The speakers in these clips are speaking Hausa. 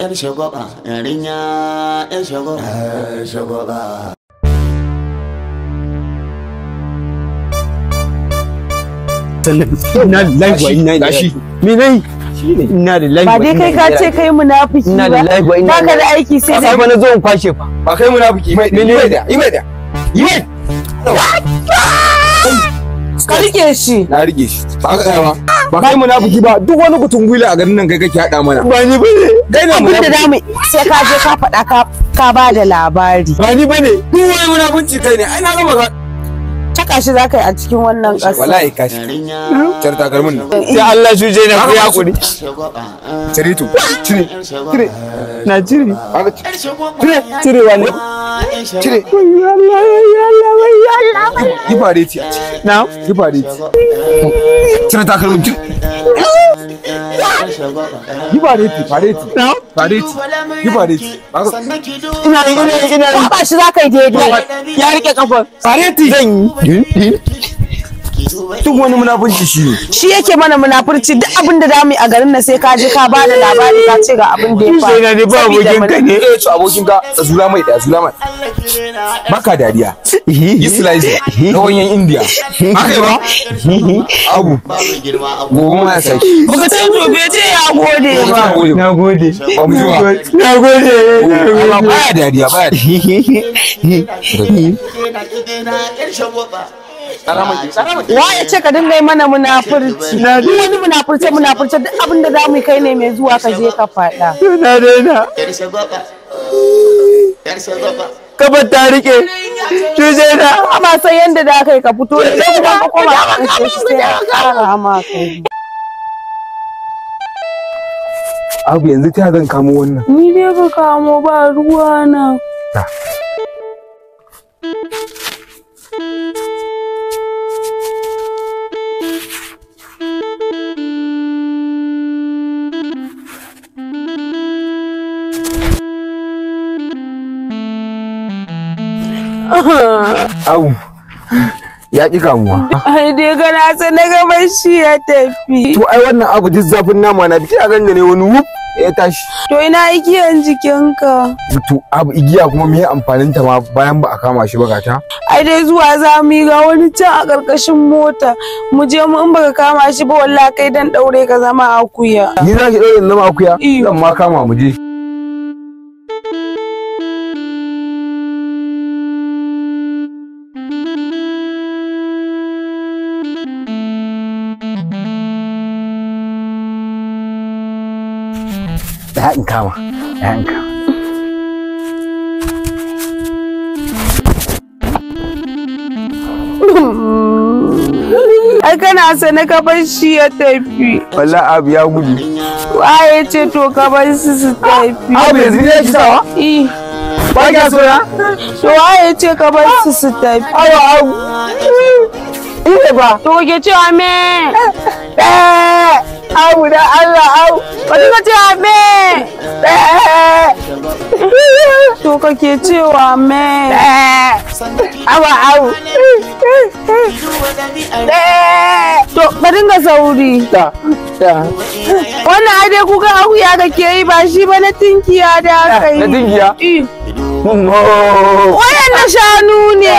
'yar shagwaba yarinya 'yar shagwaba Ina da na ba kai buki ba duk wani gutun gwila a garin nan kai kake hada mana ba ni bane kai na munafiki da zamu sai ka je ka fada ka ka ba da labari ba ni bane duk wani munafunci kai ne ai na ga ka taka shi zaka yi a cikin wannan ƙasa wallahi kashi car takalmin nan Ya Allah shi je na ku ya kuri cire tu cire cire na cire cire cire wani cire yi a ciki na yi cire takalmin cire yi fareti fareti na fareti yi fareti ina ina ina ba shi za ka yi daidai ya rike kafa fareti zan yi duk wani munafurci shi ne shi yake mana munafurci duk abin da zamu yi a garin na sai ka je ka bada labari ka ce ga abin da ya faru sai ne ba abokin ka ne eh to abokin ka zura mai da zura mai baka dariya islaize na wanyan india aka yi ba abu gobe ma ya saki baka san gobe ce ya gode ba na gode na gode na gode ba dariya ba dariya wa ya ce ka dinga yi mana munafurci duk wani munafurci-munafurci, duk abin da za mu kai ne mai zuwa ka je ka faɗa na daina kabar ta rike ki je na amma sai yanda da kai ka fito da kuma ka koma ka kace shi sai ka kai abu yanzu ta zan kamo wannan ni dai ka kamo ba ruwa na Au. Ya ƙi kamuwa. Ai dai ga na san na ga shi ya tafi. To ai wannan abu duk zafin nama na biki a ganga ne wani wup ya tashi. To ina igiyan jikinka. To abu igiya kuma me amfanin ta ma bayan ba a kama shi ba gata? Ai dai zuwa za mu yi ga wani can a ƙarƙashin mota. Mu je mu in baka kama shi ba wallahi kai dan daure ka zama akuya. Ni za ki daure zama akuya? Zan ma kama mu je. da in kama da in kama ai kana sane ka bar shi ya tafi wallahi abu ya gudu waye ce to ka bar su su ah, tafi abu yanzu ne ki sawa eh ba ka so ya to waye ce ka bar su su tafi Awa, abu eh. Ile ba. To ke ce ame. Eh. eh. Abu da Allah au. Wani ka ce me. Eh. To ka ke cewa me. Awa eh. au. Eh. To ka dinga sauri. Wannan ade kuka akuya ke yi ba shi ba na tinkiya da aka yi. Na tinkiya? Wannan na shanu ne.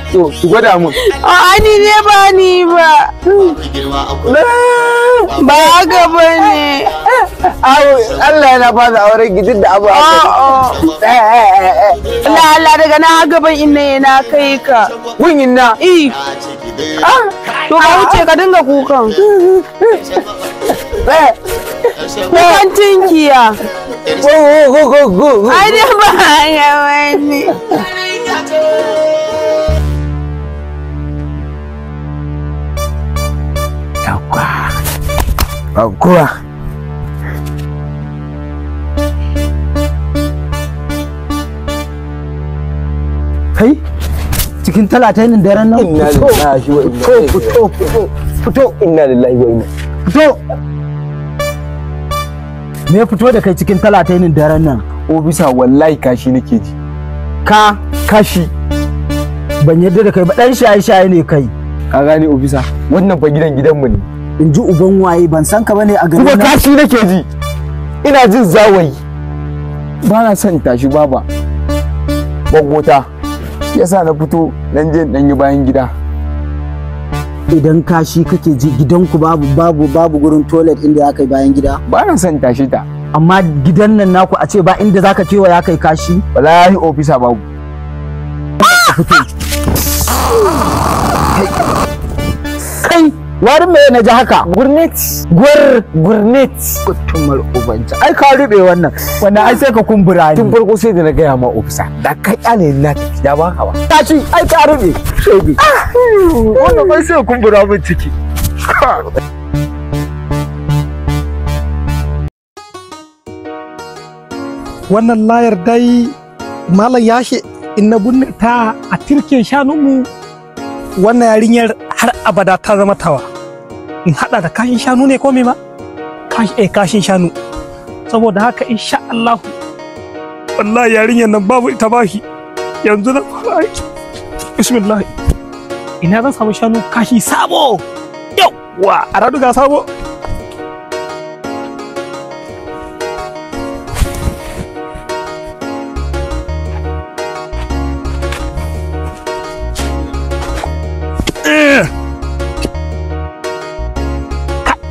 To, ki gwada mun. A ni ne ba ni ba. Ba haka ba ne. Allah yana fasa auren gidin da abu Allah eh, eh, eh, Allah daga na haka ban inna yana kai ka. Gun inna. Ah, to ba wuce ka dinga kukan. Kukan tinkiya. Go go go go go. Ai wani. babu kowa kai cikin talatainin daren nan fito fito fito fito inna lillahi wa inna fito me fito da kai cikin talatainin daren nan bisa wallahi kashi nake ji ka kashi ban yadda da kai ba dan shaye shaye ne kai ka gane obisa wannan fa gidan mu ne in ji uban waye ban san ka bane a garin kuma kashi nake ji ina jin zawayi ba na son tashi baba bagota yasa na fito nan je dan yi bayan gida idan kashi kake ji gidanku babu babu babu gurin toilet inda zaka yi bayan gida ba na son tashi ta amma gidan nan naku a ce ba inda zaka cewa ya kai kashi wallahi ofisa babu fito wari me na ji haka gurnet gwar gurnet kutumar ubanta ai ka rube wannan wannan ai sai ka kumbura ni tun farko sai da na gaya ma ofisa da ka kyale na da ba hawa. ta ci ai ka rube shege ah, wannan bai sai kumbura min ciki wannan layar dai malam yashe in na ta a tirke shanunmu wannan yarinyar har abada ta zama tawa in hada da kashin shanu ne ko me ma eh, kashin shanu saboda haka insha Allah wallahi yarinyar nan babu ita shi yanzu na fara aiki bismillah ina zan samu shanu kashi sabo Yau, wa a raduga sabo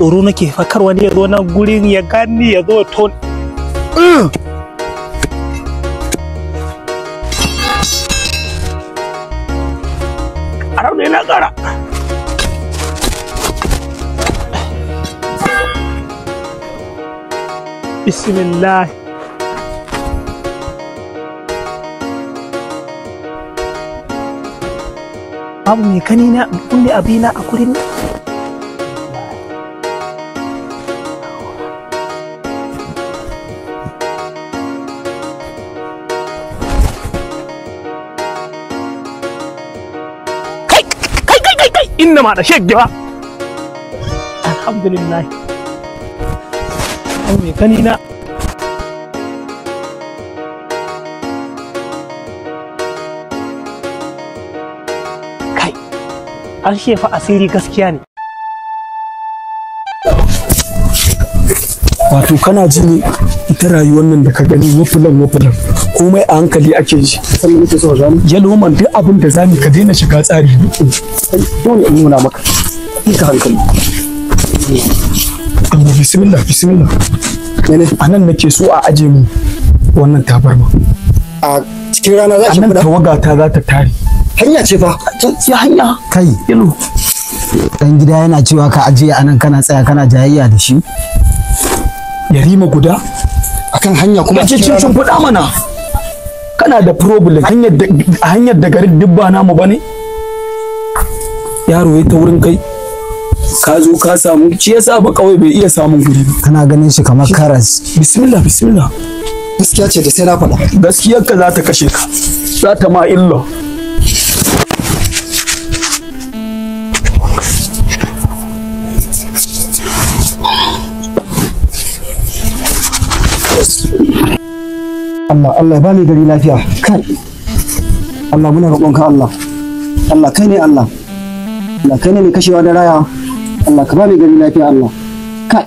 tsoro nake fakar wani ya zo nan gurin ya gani ya zo ton. Mm. a rauni na kara bismillah abu mai kanina kunne abina a kurin inna ma da shek ba alhamdulillah au me kanina kai an shefa asiri gaskiya ne wato kana ji ita rayuwar nan da ka gani wufulan wufulan komai a hankali ake ji yaloman duk abin da zamu ka daina shiga tsari dole in nuna maka ka hankali amma bismillah bismillah a nan nake so a aje mu wannan tabarma a cikin rana za ki fada tawaga ta za ta tare hanya ce fa ya hanya kai yalo dan gida yana cewa ka aje anan kana tsaya kana jayayya da shi yarima guda akan hanya kuma ce cin cin fuda mana kana da problem hanyar da hanyar da garin dubba namu bane yaro ya ta wurin kai ka zo ka samu shi yasa ba kawai bai iya samun guri kana ganin shi kamar karas bismillah bismillah gaskiya ce da sai na faɗa gaskiyar ka za ta kashe ka za ta ma illa Allah Allah ya bani gari lafiya kai Allah muna ka Allah Allah kai ne Allah Allah kai ne mai kashewa da raya Allah ka bani gari lafiya Allah kai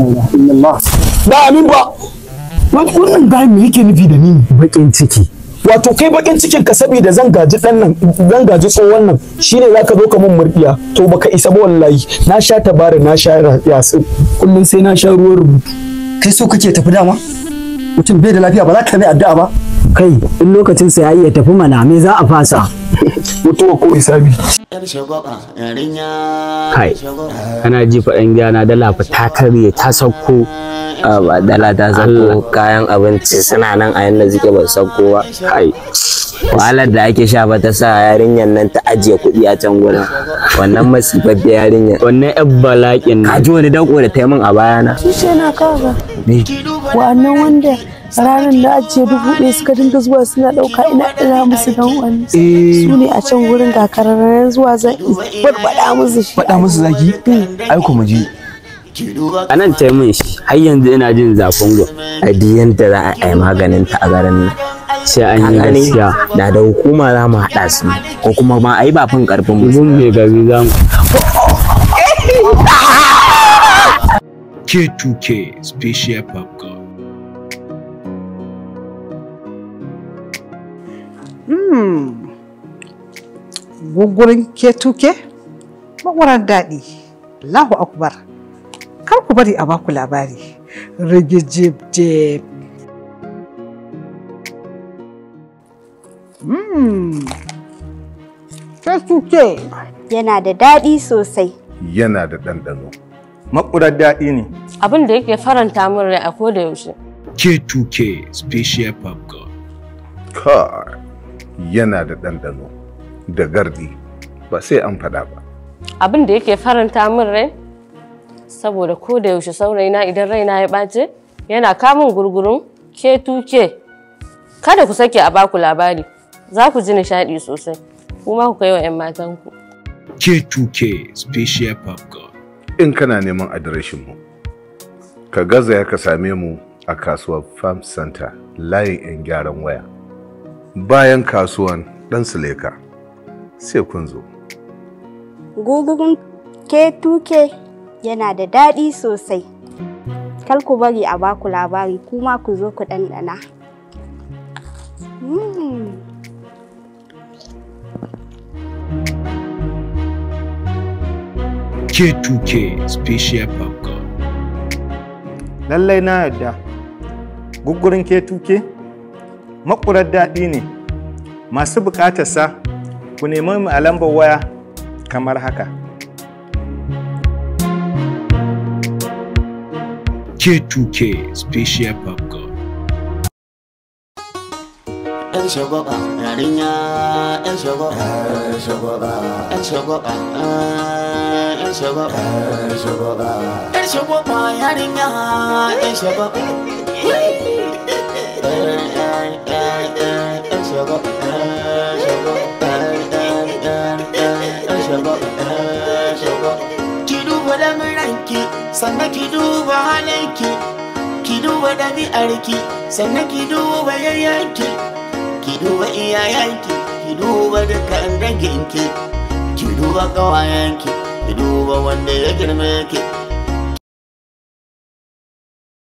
Allah Allah ba amin ba Wani wannan bayan me yake nufi da ni bakin ciki wato kai bakin cikin ka saboda zan gaji dan nan zan gaji tsohon nan shine zaka zo ka mun murdiya to baka isa ba wallahi na sha tabara na sha yasin kullun sai na sha ruwan rubutu kai so kake tafi dama mutum bai da lafiya ba za ka mai addu'a ba kai in lokacin sa ya iya tafi mana me za a fasa mutuwa ko hisabi kai ana ji faɗin gyana dala fa ta karye ta sauko ba dala ta sauko kayan abinci suna nan a yanda suke ba sauko ba kai wahalar da ake sha ba ta sa yarinyar nan ta ajiye kuɗi a can gudun wannan masifaffiyar yarinyar wannan yan balakin na ji wani danko da taimun a bayana shi ce na kawo ba wannan wanda ranar na ajiye dubu ɗaya suka dinga zuwa suna ɗauka ina ɗana musu dan wani eh. su ne a can wurin ga kararren zuwa zan faɗa musu shi faɗa musu zaki hmm. aiko mu je a nan ta min shi har yanzu ina jin zafin gun a da za a yi maganin ta a garin nan sai an yi gaskiya da da hukuma za mu haɗa su ko kuma ma a yi bafin ƙarfin mu mun mai gari za mu K2K Special Popcorn Hmm. ke ketuke? Magwaran daɗi. Allahu Akbar. Kar ku bari a baku labari. Rigijibjib. ke hmm. Ketuke. Yana da daɗi sosai. Yana da ɗanɗano. Makurar daɗi ne. Abin da yake faranta min rai a kodayaushe ke-tuke Special popcorn. Car. yana da ɗanɗano da gardi ba sai an faɗa ba abin da yake faranta min rai saboda ko da yaushe saurayina idan raina ya ɓace yana kamun gurgurun ke kada ku sake a baku labari za ku ji nishaɗi sosai kuma ku kai wa 'yan matanku k2k special popcorn in kana neman adireshin mu ka gaza ya ka same mu a kasuwar farm center layin 'yan gyaran waya bayan kasuwan ɗan suleka sai kun zo gugugun ketuke yana da daɗi sosai kal ku bari a baku labari kuma ku zo ku ɗanɗana mm. K2K Special Popcorn. Lallai na yadda gugurin K2K makurar daɗi ne masu buƙatarsa ku nemi mu a lambar waya kamar haka. K2K Special Popcorn. ‘Yan shagwaba, ‘yan ki duba lamuranki sannan ki duba halinki ki duba ɗabi'arki sannan ki duba yayyanki ki duba iyayenki ki duba dukkan danginki ki duba ƙawayenki ki duba wanda ya girme ki